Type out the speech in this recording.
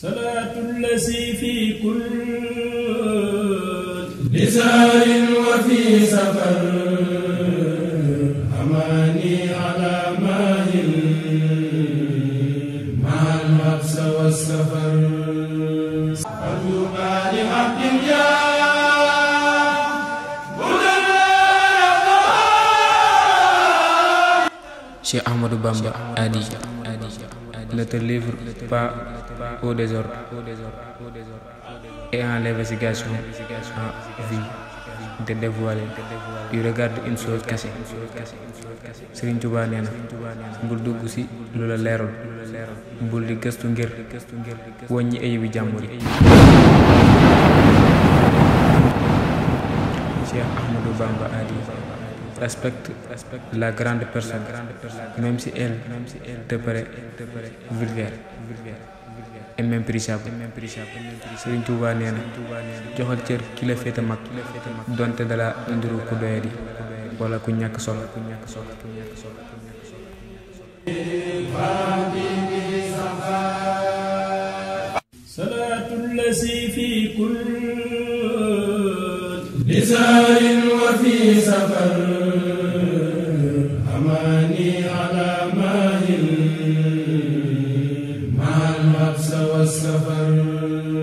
salaatu llazi fi kulli saarin wa fi safar amaani ala maahin maal mabsa wa safar Cheikh Ahmadou Bamba Adi ne te livre pas au désordre et en l'investigation en de dévoiler yu regarde une chose cachée Serigne Touba nee na bul dugg ci lu la leerul bul di gëstu ngir wàññi ayibi jàmbur respecte, la grande personne, même si elle te paraît vulgaire et méprisable. Sëriñ Tuubaa nee na joxal cër ki la mag donte dala indiru ku doyadi wala ku ñàkk solo. salaatul lazi fi kulli lisanin wa fi safar والحبس والسفر